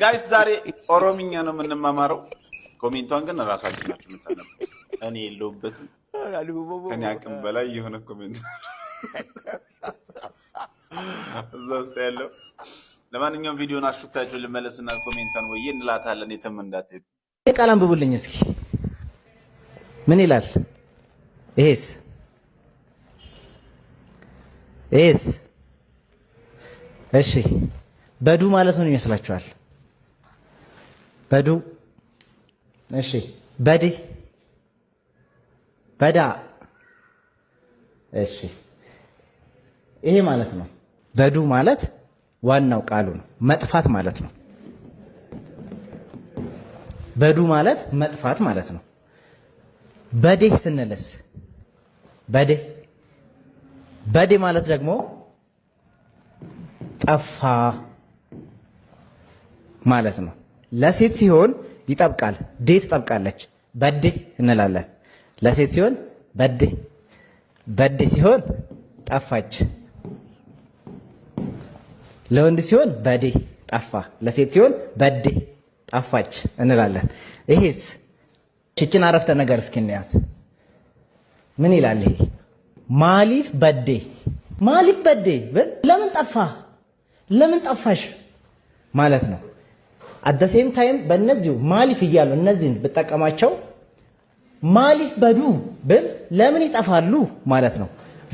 ጋይስ ዛሬ ኦሮምኛ ነው የምንማማረው። ኮሜንቷን ግን ራሳችን ናችሁ የምታነቡት፣ እኔ የለሁበትም። ከኔ አቅም በላይ የሆነ ኮሜንት እዛ ውስጥ ያለው። ለማንኛውም ቪዲዮን አሹፍታችሁ ልመለስና ኮሜንቷን ወይ እንላታለን። የትም እንዳትሄዱ። ቃል አንብቡልኝ እስኪ ምን ይላል? ይሄስ ይሄስ? እሺ በዱ ማለት ምን ይመስላችኋል? በዱ እሺ በድህ በዳ እሺ ይሄ ማለት ነው። በዱ ማለት ዋናው ቃሉ ነው፣ መጥፋት ማለት ነው። በዱ ማለት መጥፋት ማለት ነው። በዴህ ስንልስ በዴህ በዴህ ማለት ደግሞ ጠፋ ማለት ነው። ለሴት ሲሆን ይጠብቃል። ዴ ትጠብቃለች። በዴ እንላለን። ለሴት ሲሆን በዴ በዴ ሲሆን ጠፋች። ለወንድ ሲሆን በዴ ጠፋ። ለሴት ሲሆን በዴ ጠፋች እንላለን። ይሄስ ችችን አረፍተ ነገር እስኪናያት ምን ይላል? ይሄ ማሊፍ በዴ ማሊፍ በዴ ለምን ጠፋ፣ ለምን ጠፋሽ ማለት ነው። አደሴም ታይም በእነዚሁ ማሊፍ እያሉ እነዚህን ብጠቀማቸው ማሊፍ በዱ ብል ለምን ይጠፋሉ ማለት ነው።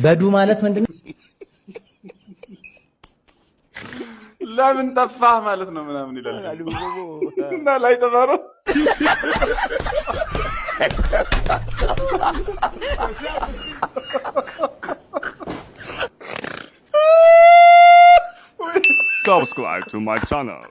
በዱ ማለት ምንድን ነው? ለምን ጠፋህ ማለት ነው ምናምን ይላል እና ላይ ጠፋ ነው ሰብስክራይብ ቱ ማይ ቻናል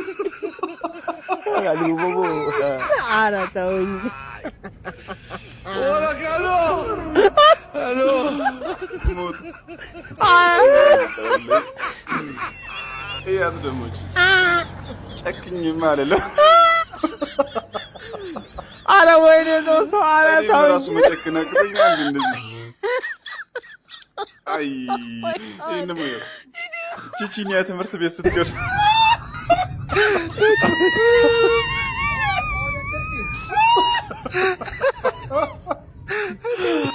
አልጉቦቦ ኧረ ተውኝ። እያት ደሞች ጨክኝም አልልም። ኧረ ወይኔ ነው ሰው ኧረ ተውኝ። ቺቺኒያ ትምህርት ቤት ስትገባ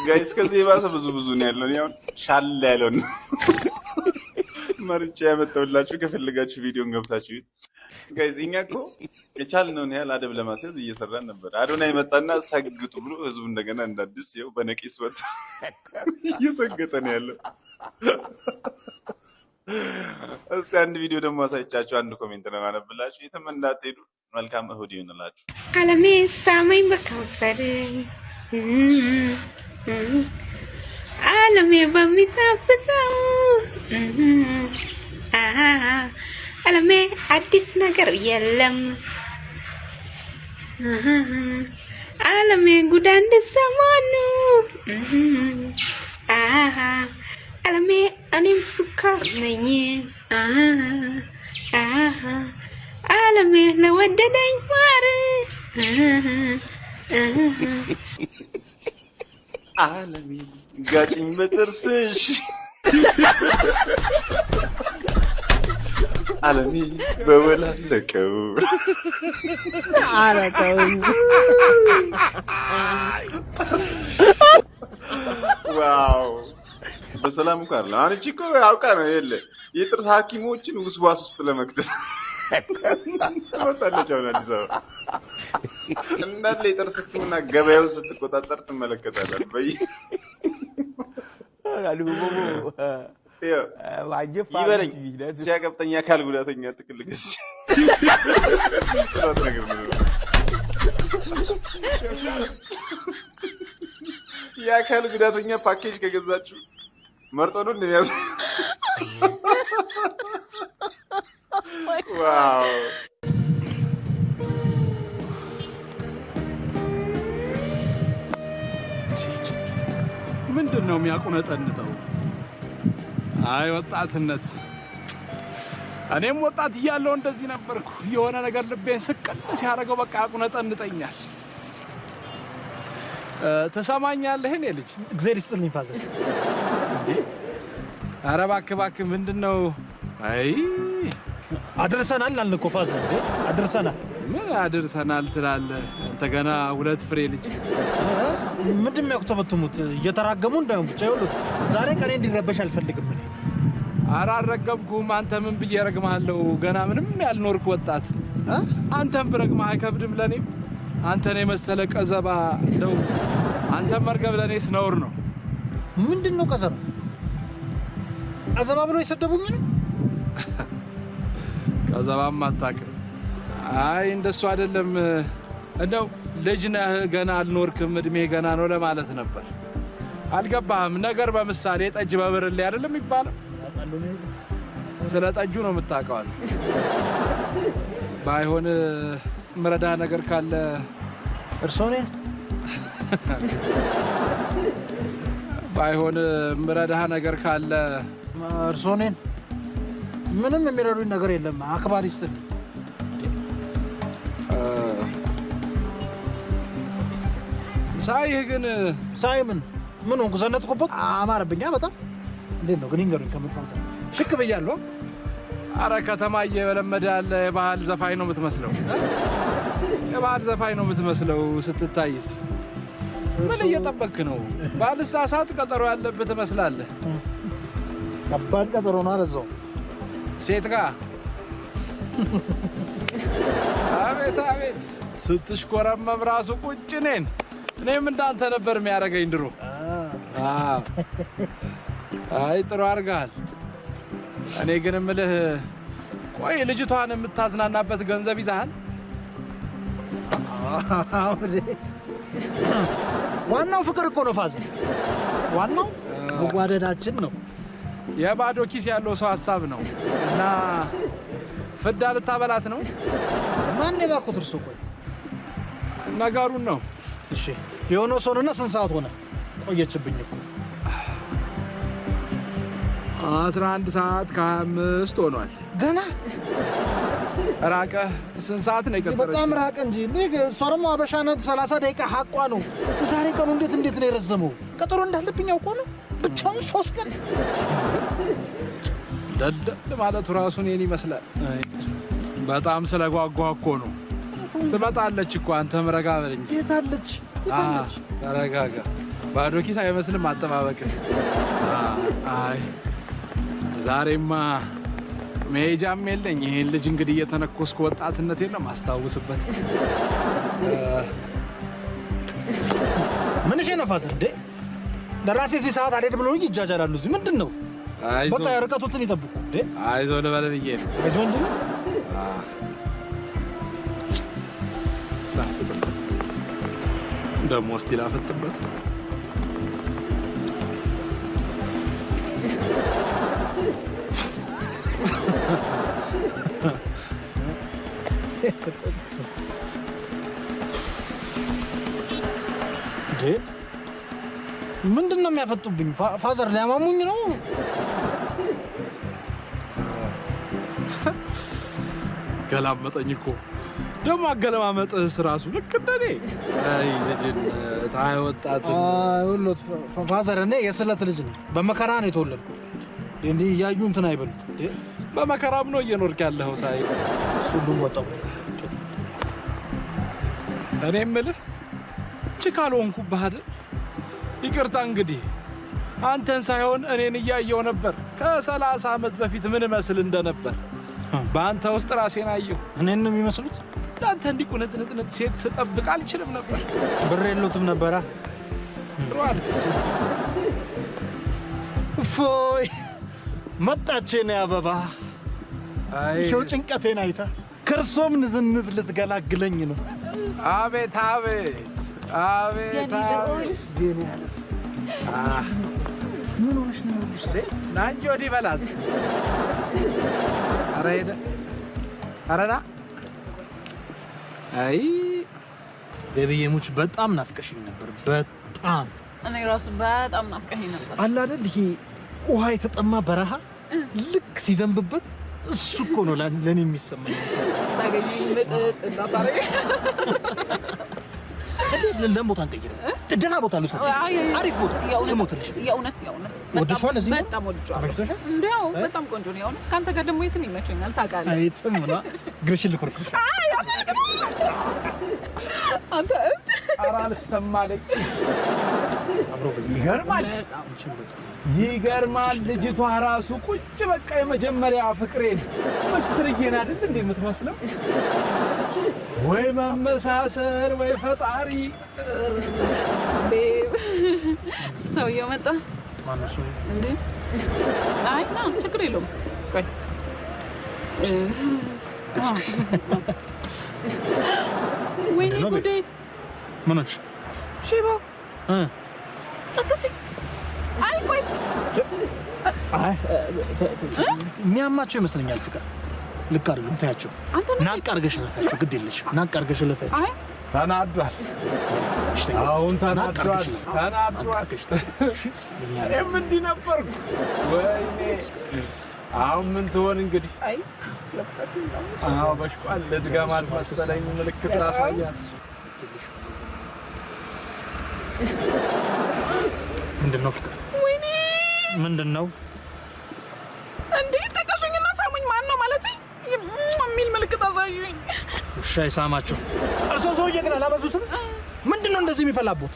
ጋይስ ከዚህ የባሰ ብዙ ብዙ ነው ያለው። አሁን ሻለ ያለው ነው መርጬ ያመጣሁላችሁ። ከፈለጋችሁ ቪዲዮን ገብታችሁ ይዩት ጋይስ። እኛ እኮ የቻልነውን ያህል አደብ ለማስያዝ እየሰራን ነበር። አዶናይ መጣና ሰግጡ ብሎ ህዝቡ እንደገና እንዳዲስ ይኸው በነቂስ ወጥቶ እየሰገጠ ነው ያለው። አንድ ቪዲዮ ደግሞ አሳይቻችሁ አንድ ኮሜንት ነው የማነብላችሁ። የትም እንዳትሄዱ። መልካም እሁድ ይሁንላችሁ። አለሜ ሳመኝ በከንፈር አለሜ በሚጣፍጠው አለሜ አዲስ ነገር የለም አለሜ ጉዳ እንደ ሰሞኑ አለሜ እኔም ሱካር ነኝ ዓለም ለወደደኝ ማር ዓለም ጋጭኝ በጥርስሽ ዓለም በወላለቀው አረቀው ዋው በሰላም እኮ አይደለም። አንቺ እኮ አውቃ ነው የለ የጥርስ ሐኪሞችን ውስዋስ ውስጥ ለመክተት ትመጣለች። አሁን አዲስ አበባ እንዳለ የጥርስ ሕክምና ገበያውን ስትቆጣጠር ትመለከታለን። በይ ይበለኝ ሲያቀብጠኝ አካል ጉዳተኛ ትክል ገስ ነገር የአካል ጉዳተኛ ፓኬጅ ከገዛችሁ መርጦ ነው እንደሚያዝ ምንድን ነው የሚያቁነጠንጠው? አይ ወጣትነት። እኔም ወጣት እያለሁ እንደዚህ ነበርኩ። የሆነ ነገር ልቤን ስቅል ሲያደርገው በቃ ያቁነጠንጠኛል። ትሰማኛለህ? እኔ ልጅ እግዜር ይስጥልኝ ፋዘር ኧረ እባክህ እባክህ፣ ምንድን ነው? አይ አድርሰናል አልን እኮ ፋዝ አድርሰናል ምን አድርሰናል ትላለህ አንተ? ገና ሁለት ፍሬ ልጅ ምንድን ነው ያቁተበትሙት? እየተራገሙ እንዳይሆን ብቻ ይሁሉ። ዛሬ ቀኔ እንዲረበሽ አልፈልግም። ኧረ አልረገምኩም። አንተ ምን ብዬ ረግምሃለሁ? ገና ምንም ያልኖርክ ወጣት፣ አንተም ብረግምህ አይከብድም ለእኔም አንተን የመሰለ ቀዘባ እንደው አንተም መርገብ ለእኔ ነውር ነው። ምንድን ነው ቀዘባ? አዘባብሎ የሰደቡኝ ነው። ከዘባም አታውቅም። አይ እንደሱ አይደለም። እንደው ልጅ ነህ ገና አልኖርክም እድሜ ገና ነው ለማለት ነበር። አልገባህም። ነገር በምሳሌ ጠጅ በብርሌ አይደለም ይባላል። ስለ ጠጁ ነው የምታውቀዋል። ባይሆን ምረዳህ ነገር ካለ እርሶኔ ባይሆን ምረዳህ ነገር ካለ እርሶኔን ምንም የሚረዱኝ ነገር የለም። አክባሪ ስጥል ሳይህ ግን ሳይ ምን ምን ሆንኩ? ዘነጥኩበት አማረብኛ በጣም እንዴት ነው ግን ይንገሩኝ። ከምታዘ ሽክ ብያለሁ። አረ ከተማ እየለመደ ያለ የባህል ዘፋኝ ነው የምትመስለው። የባህል ዘፋኝ ነው የምትመስለው። ስትታይስ ምን እየጠበክ ነው? ባልሳሳት ቀጠሮ ያለብህ ትመስላለህ። ከባድ ቀጠሮ ነው አለ ሰው ሴት ጋር አቤት አቤት ስትሽኮረመም ራሱ ቁጭ እኔን እኔም እንዳንተ ነበር የሚያደርገኝ ድሮ። ah. Ah. አይ ጥሩ አድርገሃል። እኔ ግን እምልህ ቆይ ልጅቷን የምታዝናናበት ገንዘብ ይዛሃል? ዋናው ፍቅር እኮ ነው ፋዘሽ፣ ዋናው ah. መዋደዳችን ነው። የባዶ ኪስ ያለው ሰው ሀሳብ ነው እና ፍዳ ልታበላት ነው። ማን የላኩት እርሶ? ቆይ ነገሩን ነው። እሺ የሆነ ሰው ነውና ስንት ሰዓት ሆነ? ቆየችብኝ እኮ አስራ አንድ ሰዓት ከአምስት ሆኗል። ገና ራቀ። ስንት ሰዓት ነው የቀጠረችው? በጣም ራቀ እንጂ እሷ ደግሞ አበሻ ሰላሳ ደቂቃ ሀቋ ነው። ዛሬ ቀኑ እንዴት እንዴት ነው የረዘመው? ቀጠሮ እንዳለብኝ አውቆ ነው ብቻውን ሶስት ቀን ደደል ማለቱ ራሱን የኔ ይመስላል። በጣም ስለጓጓ እኮ ነው። ትመጣለች እኮ አንተም ረጋ በል እንጂ። የታለች? ተረጋጋ። ባዶ ኪስ አይመስልም አጠባበቅሽ። አይ ዛሬማ መሄጃም የለኝ። ይህን ልጅ እንግዲህ እየተነኮስኩ ወጣትነት ነው አስታውስበት። ምንሽ ነፋስ እንዴ ለራሴ ሲ ሰዓት አልሄድ ብሎ ይጃጃላሉ። እዚህ ምንድን ነው? በቃ ርቀቱትን ይጠብቁ። አይዞ ልበል ብዬ አይዞ እንዲ ደግሞ እስቲ ላፈጥበት እንዴ ምንድን ነው የሚያፈጡብኝ? ፋዘር ሊያማሙኝ ነው። ገላመጠኝ እኮ ደግሞ አገለማመጥህ ስራሱ ልክ እንደኔ ልጅን ታይ ወጣት ሁሎት ፋዘር፣ እኔ የስለት ልጅ ነው። በመከራ ነው የተወለድኩት። እንዲህ እያዩ እንትን አይበሉ። በመከራም ነው እየኖርክ ያለኸው። ሳይ ሁሉም ወጣው። እኔ የምልህ ጭካልሆንኩብህ አይደል ይቅርታ እንግዲህ አንተን ሳይሆን እኔን እያየው ነበር። ከሰላሳ ዓመት በፊት ምን እመስል እንደነበር በአንተ ውስጥ ራሴን አየሁ። እኔን ነው የሚመስሉት? ለአንተ እንዲህ ቁንጥንጥንጥ ሴት ስጠብቅ አልችልም ነበር። ብር የሉትም ነበረ። ጥሩ አልክስ። እፎይ መጣች የኔ አበባ። ይኸው ጭንቀቴን አይታ ከእርሶም ንዝንዝ ልትገላግለኝ ነው። አቤት አቤት አቤት አቤት ምን ሆነሽ ነው? ውስጤ ና እንጂ ወዲህ በላት። በጣም ናፍቀሽኝ ነበር። በጣም እኔ ራሱ በጣም ናፍቀሽኝ ነበር። አለ አይደል ይሄ ውሃ የተጠማ በረሃ ልክ ሲዘንብበት እሱ እኮ ነው ለእኔ የሚሰማኝ። ለም ቦታ እንቀይር። ደህና ቦታ ነው። አሪፍ ቦታ ስሞትልሽ። የእውነት የእውነት በጣም ወድጄዋለሁ። እንዲያው በጣም ቆንጆ ነው። የእውነት ከአንተ ጋር ደግሞ የትም ይመቸኛል። ታውቃለህ። ጥም ና ግርሽን ልኮርኩሽ። አንተ እብድ! ኧረ አልሰማለኝ። ይገርማል፣ ይገርማል። ልጅቷ ራሱ ቁጭ በቃ የመጀመሪያ ፍቅሬን ምስርዬን አይደል እንደ የምትመስለው ወይ መመሳሰል ወይ ፈጣሪ ሰውዬው መጣ። አይ ና ችግር የለውም። ቆይ ወይኔ ጉዴ ምኖች ሽቦ ጠቅሰኝ። አይ ቆይ የሚያማቸው ይመስለኛል ፍቅር ልክ አይደለም። ታያቸው ናቅ አድርገሽ ግድ ናቅ አድርገሽ ተናዷል። አሁን ተናዷል። ተናዷል። እኔም እንዲህ ነበርኩ። ወይኔ አሁን ምን ትሆን እንግዲህ? አዎ በሽቋል። ልድገማት መሰለኝ። ምልክት ላሳያት። ምንድን ነው ፍቅር? ምንድን ነው አሳዩኝ። ውሻ ይሳማችሁ። እርሰው ሰውዬ ግን አላበዙትም? ምንድን ነው እንደዚህ የሚፈላቦት?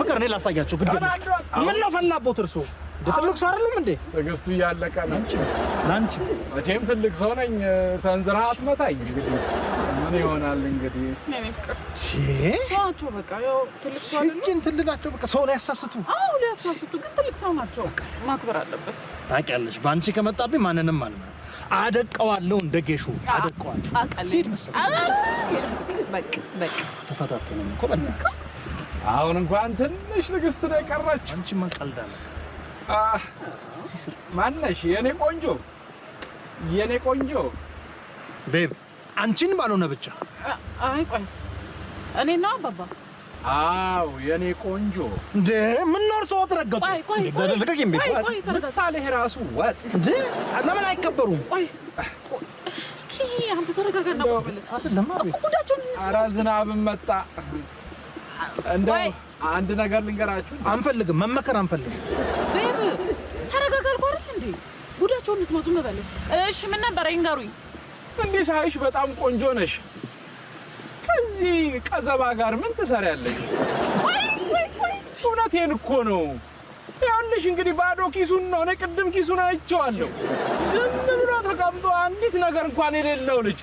ፍቅር፣ እኔ ላሳያቸው። ግድ ምን ነው ፈላቦት? እርሶ ትልቅ ሰው አይደለም እንዴ? ትዕግስቱ እያለቀ ለአንቺ መቼም ትልቅ ሰው ነኝ። ሰንዝራ አትመታኝ። ምን ይሆናል እንግዲህ። ትልላቸው በቃ ሰው ሊያሳስቱ፣ አዎ ሊያሳስቱ፣ ግን ትልቅ ሰው ናቸው። ማክበር አለበት። ታውቂያለሽ፣ በአንቺ ከመጣብኝ ማንንም አልመ አደቀዋለሁ፣ እንደ ጌሾ አሁን እንኳን ትንሽ ንግስት ነው የቀራች። አንቺ ቀልድ ማነሽ የኔ ቆንጆ፣ የኔ ቆንጆ ቤብ፣ አንቺን ባልሆነ ብቻ። አይ ቆይ እኔና አባባ አው የኔ ቆንጆ እንዴ ምን ነው ሰው ተረገጡ? ቆይ ቆይ ቆይ ምሳሌ ራሱ ወጥ እንዴ ለምን አይከበሩም? ቆይ እስኪ አንተ ተረጋጋና ቆይ አይደለም አቤት እኮ ምን ኧረ ዝናብም መጣ። እንደው አንድ ነገር ልንገራችሁ። አንፈልግም መመከር አንፈልግም። ቤብ ተረጋጋ አልኩህ አይደል እንዴ ጉዳቸውን እንስማ ዝም በል። እሺ ምን ነበር ይንገሩኝ። እንዴ ሳይሽ በጣም ቆንጆ ነሽ። ከዚህ ቀዘባ ጋር ምን ትሰሪያለሽ? እውነቴን እኮ ነው። ያለሽ እንግዲህ ባዶ ኪሱን ነው። እኔ ቅድም ኪሱን አይቼዋለሁ። ዝም ብሎ ተቀምጦ አንዲት ነገር እንኳን የሌለው ልጅ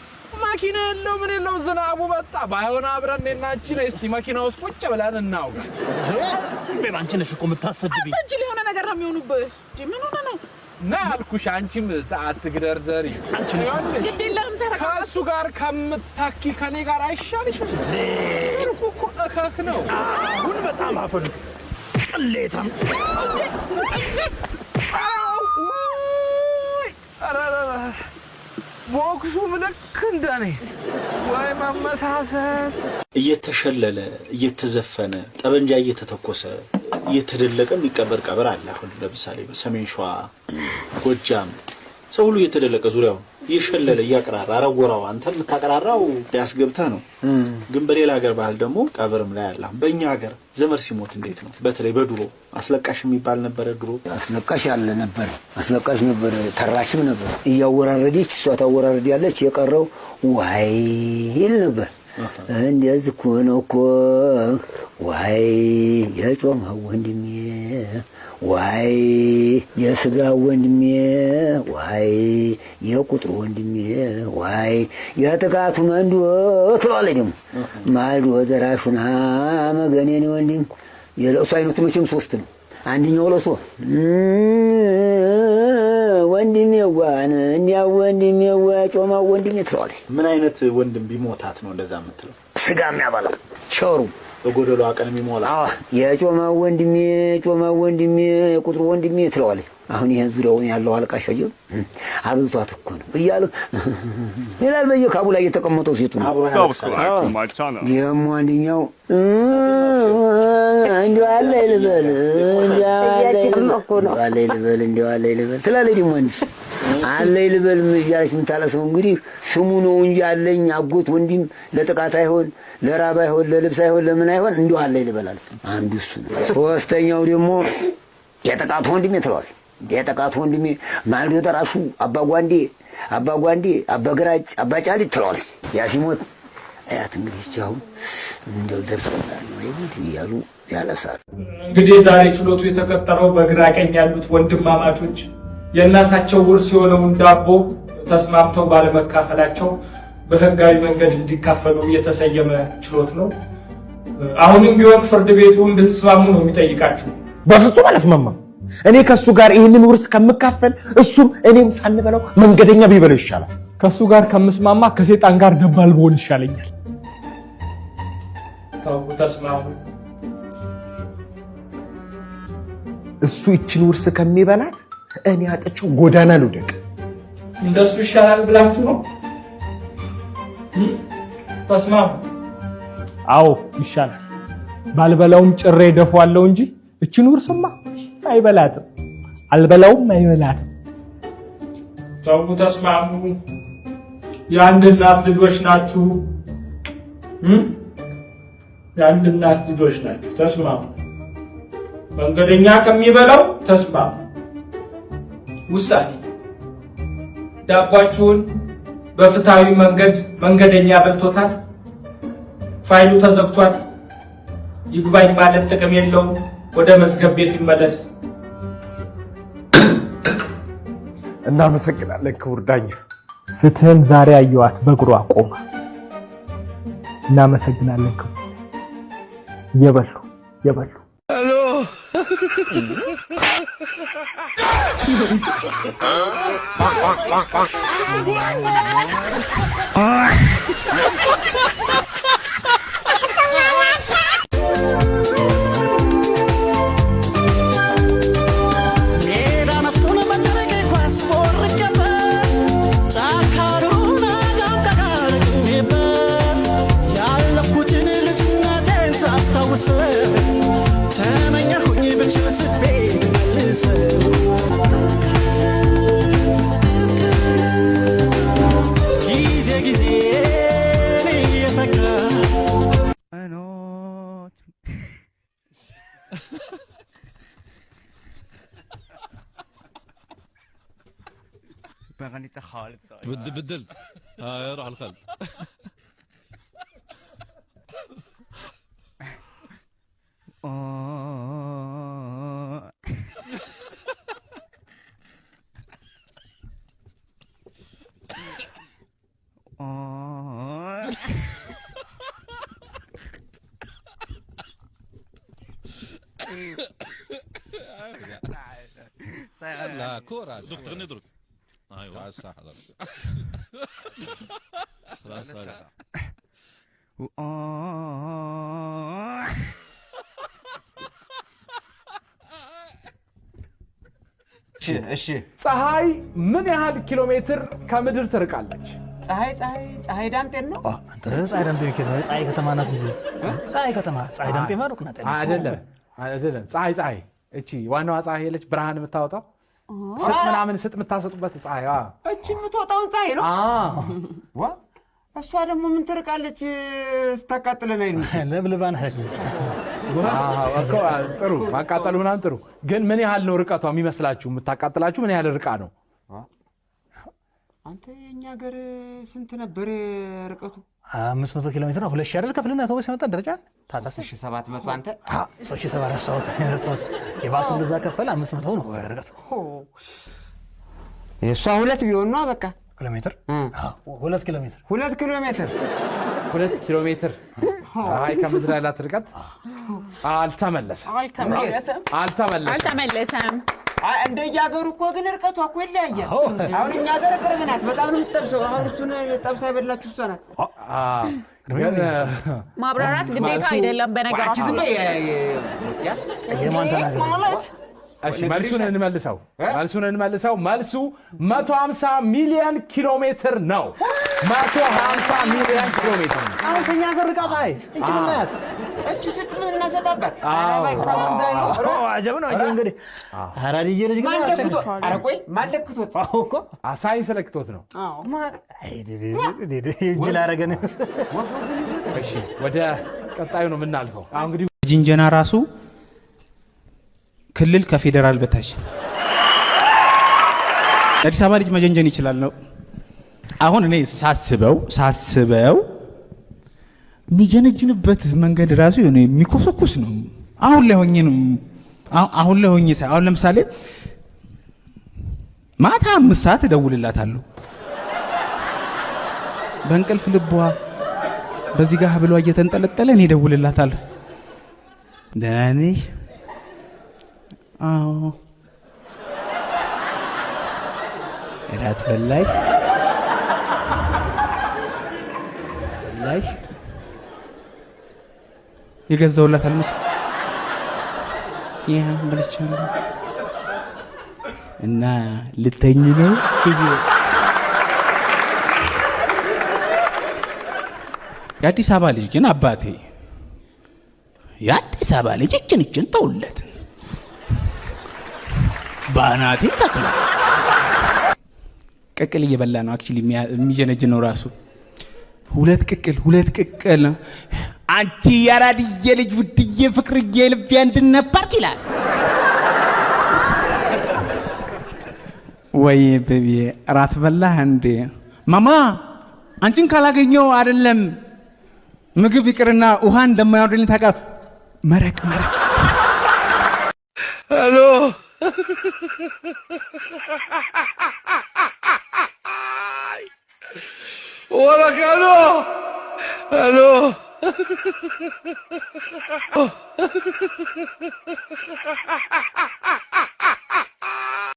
መኪና የለው ምን የለው፣ ዝናቡ በጣ ባይሆን አብረን እኔና አንቺ ነይ መኪና ውስጥ ቁጭ ብለን እናውጋ። አንቺ ነሽ እኮ የምታሰድቢ። አንተ እጅ ሊሆነ ነገር ነው የሚሆኑብህ። ምን ሆነ ነው ና አልኩሽ። አንቺም አትግደርደሪ። ከእሱ ጋር ከምታኪ ከኔ ጋር አይሻልሽም? እኮ እከክ ነው። አሁን በጣም አፈሉ ቦክሱ እንደኔ ወይ መመሳሰል እየተሸለለ እየተዘፈነ ጠበንጃ እየተተኮሰ እየተደለቀ የሚቀበር ቀበር አለ። አሁን ለምሳሌ በሰሜን ሸዋ፣ ጎጃም ሰው ሁሉ እየተደለቀ ዙሪያው እየሸለለ እያቀራራ አረወራው። አንተ የምታቀራራው ያስገብተ ነው። ግን በሌላ ሀገር ባህል ደግሞ ቀብርም ላይ አለ። በእኛ ሀገር ዘመድ ሲሞት እንዴት ነው? በተለይ በድሮ አስለቃሽ የሚባል ነበረ። ድሮ አስለቃሽ አለ ነበር፣ አስለቃሽ ነበር፣ ተራሽም ነበር። እያወራረደች እሷ ታወራረድ ያለች የቀረው ዋይ ይል ነበር እንደዚህ እኮ ዋይ የጮማው ወንድሜ ዋይ የስጋ ወንድሜ ዋይ የቁጥሩ ወንድሜ ዋይ የጥቃቱ መንዶ ትለዋለ ደግሞ ማልዶ መገኔኔ ወንድም የለእሱ አይነቱ መቼም ሶስት ነው። አንድኛው ለሶ ወንድሜዋን እንዲያው ወንድሜዋ ጮማው ወንድሜ ትለዋለች። ምን አይነት ወንድም ቢሞታት ነው እንደዛ የምትለው? ስጋ የሚያበላ ሸሩ በጎደሏ ቀን የሚሞላ የጮማው ወንድሜ ጮማው ወንድሜ ቁጥሩ ወንድሜ ትለዋለች። አሁን ይሄን ዙሪያውን ያለው አለቃ አብልቷት እኮ ነው እያለ ይላል። በየካቡ ላይ የተቀመጠው ሴቱ ነው። ደግሞ አንደኛው ይልበል ይልበል ይልበል ትላለች። ደግሞ አለ ይልበል እያለች የምታለሰው እንግዲህ ስሙ ነው እንጂ አለኝ አጎት ወንድም ለጥቃት አይሆን ለራብ አይሆን ለልብስ አይሆን ለምን አይሆን እንዲያው አለ ይልበል አለ። አንዱ እሱ ነው። ሶስተኛው ደግሞ የጥቃት ወንድም ትለዋለች የጠቃቱ ወንድሜ ማልዶ ተራሱ አባ ጓንዴ አባ ጓንዴ አባ ግራጭ አባ ጫልት ትለዋል። ያ ሲሞት አያት እንግዲህ ቻው እንደው ደርሰውናል ነው ይሉት እያሉ ያለሳሉ። እንግዲህ ዛሬ ችሎቱ የተቀጠረው በግራ ቀኝ ያሉት ወንድማማቾች የእናታቸው ውርስ የሆነውን ዳቦ ተስማምተው ባለመካፈላቸው በህጋዊ መንገድ እንዲካፈሉ የተሰየመ ችሎት ነው። አሁንም ቢሆን ፍርድ ቤቱ እንድትስማሙ ነው የሚጠይቃችሁ። በፍጹም አላስማማም። እኔ ከእሱ ጋር ይህንን ውርስ ከምካፈል እሱም እኔም ሳንበለው መንገደኛ ቢበለው ይሻላል። ከእሱ ጋር ከምስማማ ከሴጣን ጋር ደባል ብሆን ይሻለኛል። እሱ ይችን ውርስ ከሚበላት እኔ አጥቼው ጎዳና ልውደቅ እንደሱ ይሻላል ብላችሁ ነው? ተስማሙ። አዎ ይሻላል። ባልበላውም ጭሬ ደፏለው እንጂ እችን ውርስማ አይበላትም። አልበላውም አይበላትም። ተው ተስማሙ። የአንድ እናት ልጆች ናችሁ። የአንድ እናት ልጆች ናችሁ። ተስማሙ። መንገደኛ ከሚበላው ተስማሙ። ውሳኔ ዳባችሁን በፍትሐዊ መንገድ መንገደኛ በልቶታል። ፋይሉ ተዘግቷል። ይግባኝ ማለት ጥቅም የለውም። ወደ መዝገብ ቤት ይመለስ። እናመሰግናለን ክቡር ዳኛ። ፍትህን ዛሬ አየዋት በእግሯ ቆማ። እናመሰግናለን ክቡር። የበሉ የበሉ بدلت آه روح الخلد لا كوره دكتور تغني الساحره خلاص እሺ ፀሐይ ምን ያህል ኪሎ ሜትር ከምድር ትርቃለች? ፀሐይ ፀሐይ ፀሐይ ዳምጤን ነው አንተ ፀሐይ ዳምጤን ነው? ፀሐይ ከተማ ናት እንጂ ፀሐይ ከተማ ፀሐይ ዳምጤ ማሩክ ናት አይደለም አይደለም። ፀሐይ ፀሐይ እቺ ዋናዋ ፀሐይ የለች ብርሃን የምታወጣው ሰጥ ምናምን ስጥ የምታሰጡበት ፀሐይ እቺ የምትወጣውን ፀሐይ ነው። እሷ ደግሞ ምን ትርቃለች? ስታቃጥለን አይ ለብልባን ጥሩ ማቃጠሉ ምናምን ጥሩ። ግን ምን ያህል ነው ርቀቷ የሚመስላችሁ? የምታቃጥላችሁ ምን ያህል ርቃ ነው? አንተ የእኛ ሀገር ስንት ነበር ርቀቱ? አምስት መቶ ኪሎ ሜትር ሁለት ሺህ አይደል ከፍልና ሰዎች ሲመጣ ደረጃ የባሱ እንደዛ ከፈለ አምስት መቶ ነው ርቀት የእሷ ሁለት ቢሆን ነዋ በቃ ኪሎ ሜትር ሁለት ኪሎ ሜትር ሁለት ኪሎ ሜትር ሁለት ኪሎ ሜትር ፀሐይ ከምድር ያላት ርቀት አልተመለሰም አልተመለሰም አልተመለሰም እንደ እያገሩ እኮ ግን እርቀቷ እኮ ይለያያል። አሁን እኛ ሀገር ቅርብ ናት፣ በጣም ነው የምትጠብሰው። አሁን እሱን ጠብሳ የበላችሁ እሷ ናት። ማብራራት ግዴታ አይደለም። በነገራችን መልሱን እንመልሰው መልሱን እንመልሰው። መልሱ መቶ ሀምሳ ሚሊዮን ኪሎ ሜትር ነው። መቶ ሀምሳ ሚሊዮን ኪሎ ሜትር አሁን ከኛ ሀገር እች ምናያት እች ስት ምን እናሰጣበት አጀብ ነው። አየሁ እንግዲህ አራድዬ ልጅ እኮ ሳይንስ ለክቶት ነው። ወደ ቀጣዩ ነው የምናልፈው። አሁን እንግዲህ ጅንጀና ራሱ ክልል ከፌዴራል በታች አዲስ አበባ ልጅ መጀንጀን ይችላል ነው አሁን እኔ ሳስበው ሳስበው የሚጀነጅንበት መንገድ ራሱ የሆነ የሚኮሰኩስ ነው። አሁን ላይ ሆኜ ነው አሁን ላይ ሆኜ አሁን ለምሳሌ ማታ አምስት ሰዓት እደውልላታለሁ። በእንቅልፍ ልቧ በዚህ ጋር ብሏ እየተንጠለጠለ እኔ እደውልላታለሁ። ደህና ነሽ? አዎ። እራት በላሽ? አይ የገዛውላት አልመስ ይህ እና ልተኝ ነው የአዲስ አበባ ልጅ ግን አባቴ የአዲስ አበባ ልጅ እችን እችን ተውለት በአናቴ ተክለ ቅቅል እየበላ ነው አክቹዋሊ የሚጀነጅ ነው ራሱ ሁለት ቅቅል ሁለት ቅቅል አንቺ ያራድዬ ልጅ ውድዬ ፍቅርዬ ልቤ እንድነበር ይላል። ወይ ቤቢ ራት በላህ እንዴ? ማማ አንቺን ካላገኘው አይደለም ምግብ ይቅርና ውሃ እንደማያወርድልኝ ታውቃ መረቅ መረቅ ሄሎ ¡Guadalcanó! ¡Aló!